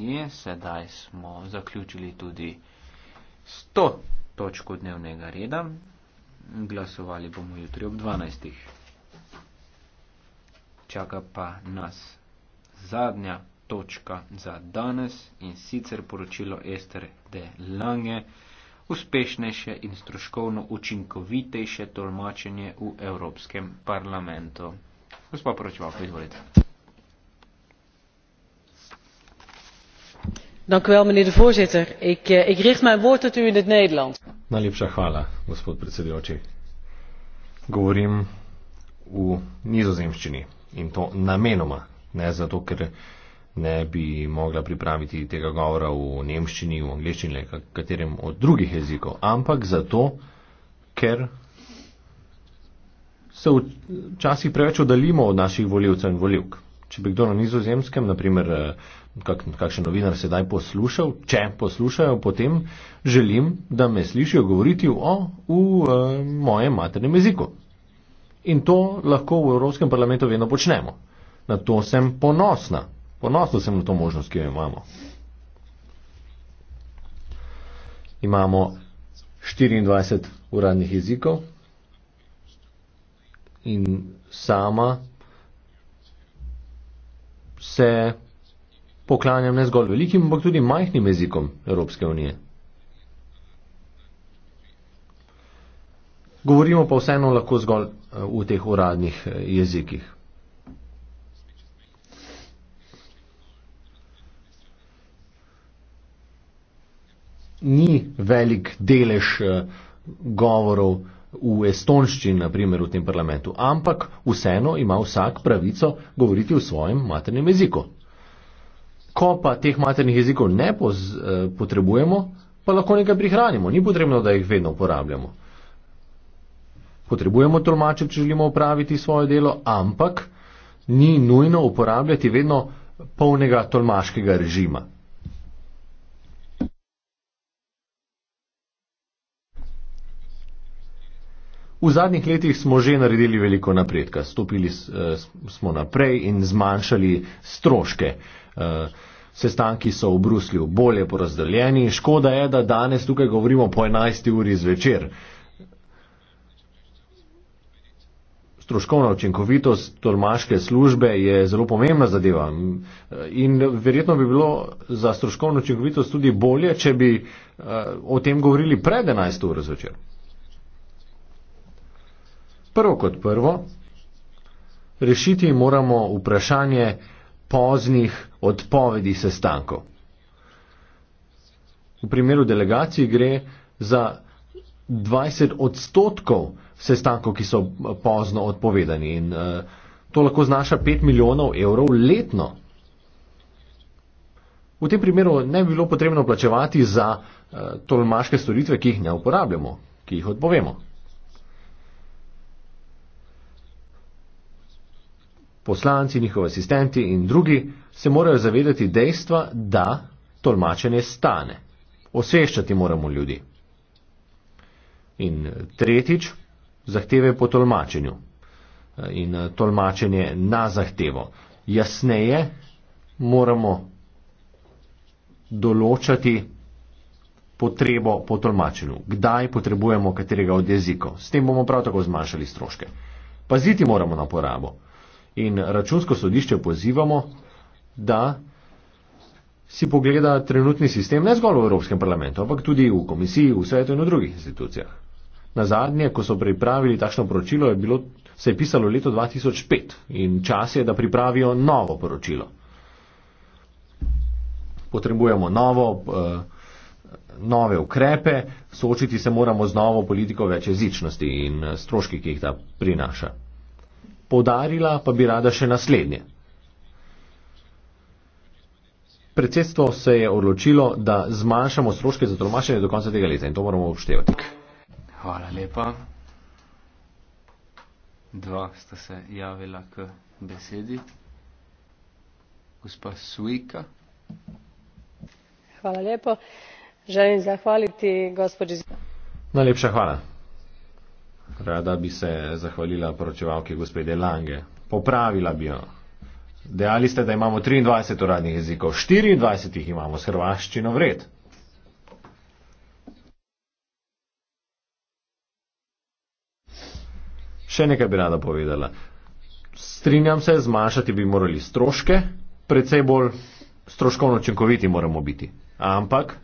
in sedaj smo zaključili tudi 100 točko dnevnega reda. Glasovali bomo jutri ob 12. Čaka pa nas zadnja točka za danes in sicer poročilo Ester de Lange, uspešnejše in stroškovno učinkovitejše tolmačenje v Evropskem parlamentu. Gospod poročevalka, izvolite. voorzitter eh, ik richt mijn woord tot u in het nederlands. najlepša hvala gospod predsedujoči govorim v nizozemščini in to namenoma ne zato ker ne bi mogla pripraviti tega govora v nemščini v angleščini ali katerem od drugih jezikov ampak zato ker se včasih preveč oddaljimo od naših voljivcev in voljivk če bi kdo na nizozemskem, naprimer, eh, kak, kakšen novinar sedaj poslušal, če poslušajo, potem želim, da me slišijo govoriti o, o, v o, eh, mojem maternem jeziku. In to lahko v Evropskem parlamentu vedno počnemo. Na to sem ponosna. Ponosna sem na to možnost, ki jo imamo. Imamo 24 uradnih jezikov in sama se poklanjam ne zgolj velikim, ampak tudi majhnim jezikom Evropske unije. Govorimo pa vseeno lahko zgolj eh, v teh uradnih eh, jezikih. Ni velik delež eh, govorov, v estonščini, na primer, v tem parlamentu, ampak vseeno ima vsak pravico govoriti v svojem maternem jeziku. Ko pa teh maternih jezikov ne poz, eh, potrebujemo, pa lahko nekaj prihranimo, ni potrebno, da jih vedno uporabljamo. Potrebujemo tolmače, če želimo upraviti svoje delo, ampak ni nujno uporabljati vedno polnega tolmaškega režima. V zadnjih letih smo že naredili veliko napredka, stopili eh, smo naprej in zmanjšali stroške. Eh, sestanki so v Bruslju bolje porazdeljeni. Škoda je, da danes tukaj govorimo po 11. uri zvečer. Stroškovna učinkovitost tolmaške službe je zelo pomembna zadeva eh, in verjetno bi bilo za stroškovno učinkovitost tudi bolje, če bi o tem govorili pred 11. uri zvečer. Prvo kot prvo, rešiti moramo vprašanje poznih odpovedi sestankov. V primeru delegacij gre za 20 odstotkov sestankov, ki so eh, pozno odpovedani in eh, to lahko znaša 5 milijonov evrov letno. V tem primeru ne bi bilo potrebno plačevati za eh, tolmaške storitve, ki jih ne uporabljamo, ki jih odpovemo. poslanci, njihovi asistenti in drugi se morajo zavedati dejstva, da tolmačenje stane. Osveščati moramo ljudi. In tretjič, zahteve po tolmačenju. In eh, tolmačenje na zahtevo. Jasneje moramo določati potrebo po tolmačenju. Kdaj potrebujemo katerega od jezikov. S tem bomo prav tako zmanjšali stroške. Paziti moramo na porabo. In računsko sodišče pozivamo, da si pogleda trenutni sistem ne zgolj v Evropskem parlamentu, ampak tudi v komisiji, v svetu in v drugih institucijah. Na zadnje, ko so pripravili takšno poročilo, je bilo, se je pisalo leto 2005 in čas je, da pripravijo novo poročilo. Potrebujemo novo, eh, nove ukrepe, soočiti se moramo z novo politiko večjezičnosti in eh, stroški, ki jih ta prinaša. Podarila pa bi rada še naslednje. Predsedstvo se je odločilo, da zmanjšamo stroške za tolmačenje do konca tega leta in to moramo upoštevati. Hvala lepa. Dva sta se javila k besedi. Gospa Suika. Hvala lepo. Želim zahvaliti gospođi. Najlepša hvala. Rada bi se zahvalila poročevalki gospede Lange. Popravila bi jo. Dejali ste, da imamo 23 uradnih jezikov, 24 jih imamo s hrvaščino vred. Še nekaj bi rada povedala. Strinjam se, zmanjšati bi morali stroške, predvsej bolj stroškovno učinkoviti moramo biti. Ampak,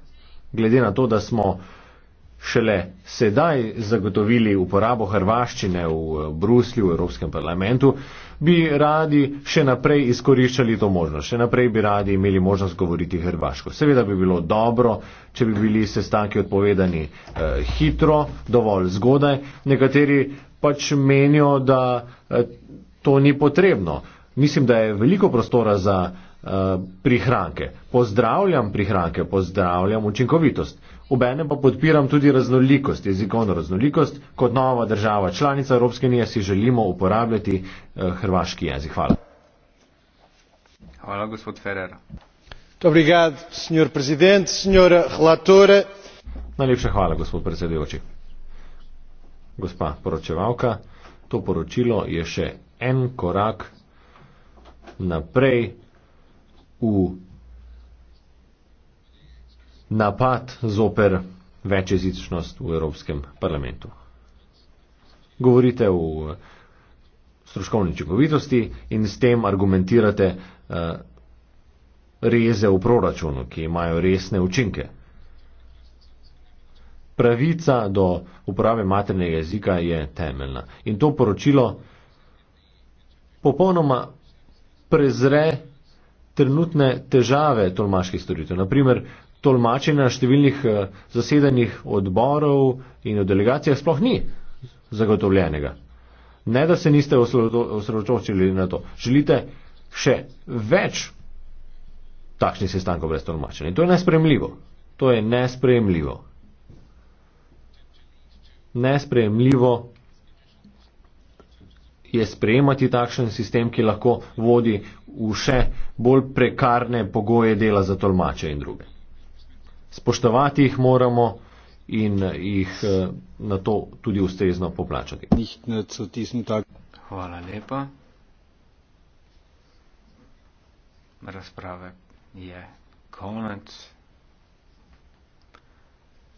glede na to, da smo šele sedaj zagotovili uporabo hrvaščine v Bruslju, v Evropskem parlamentu, bi radi še naprej izkoriščali to možnost, še naprej bi radi imeli možnost govoriti hrvaško. Seveda bi bilo dobro, če bi bili sestanki odpovedani eh, hitro, dovolj zgodaj. Nekateri pač menijo, da eh, to ni potrebno. Mislim, da je veliko prostora za Eh, prihranke. Pozdravljam prihranke, pozdravljam učinkovitost. Obenem pa podpiram tudi raznolikost, jezikovno raznolikost. Kot nova država članica Evropske unije si želimo uporabljati uh, hrvaški jezik. Hvala. Hvala, gospod Ferrer. Obrigad, senjor predsednik, senjor Hlator. Najlepša hvala, gospod predsedujoči. Gospa poročevalka, to poročilo je še en korak naprej v napad zoper večjezičnost v Evropskem parlamentu. Govorite o eh, stroškovni učinkovitosti in s tem argumentirate eh, reze v proračunu, ki imajo resne učinke. Pravica do uporabe maternega jezika je temeljna in to poročilo popolnoma prezre trenutne težave tolmaških storitev. Naprimer, tolmačenja številnih eh, zasedanih odborov in v delegacijah sploh ni zagotovljenega. Ne, da se niste osredotočili na to. Želite še več takšnih sestankov brez tolmačenja. In to je nespremljivo. To je nespremljivo. Nespremljivo je sprejemati takšen sistem, ki lahko vodi v še bolj prekarne pogoje dela za tolmače in druge. Spoštovati jih moramo in eh, jih eh, na to tudi ustrezno poplačati. Hvala lepa. Razprave je konec.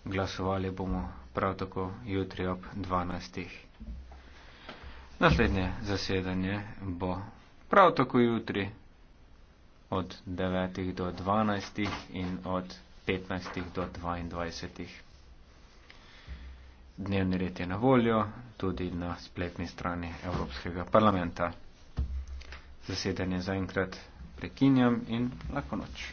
Glasovali bomo prav tako jutri ob 12. Naslednje zasedanje bo prav tako jutri od 9. do 12. in od 15. do 22. Dnevni red je na voljo tudi na spletni strani Evropskega parlamenta. Zasedanje zaenkrat prekinjam in lahko noč.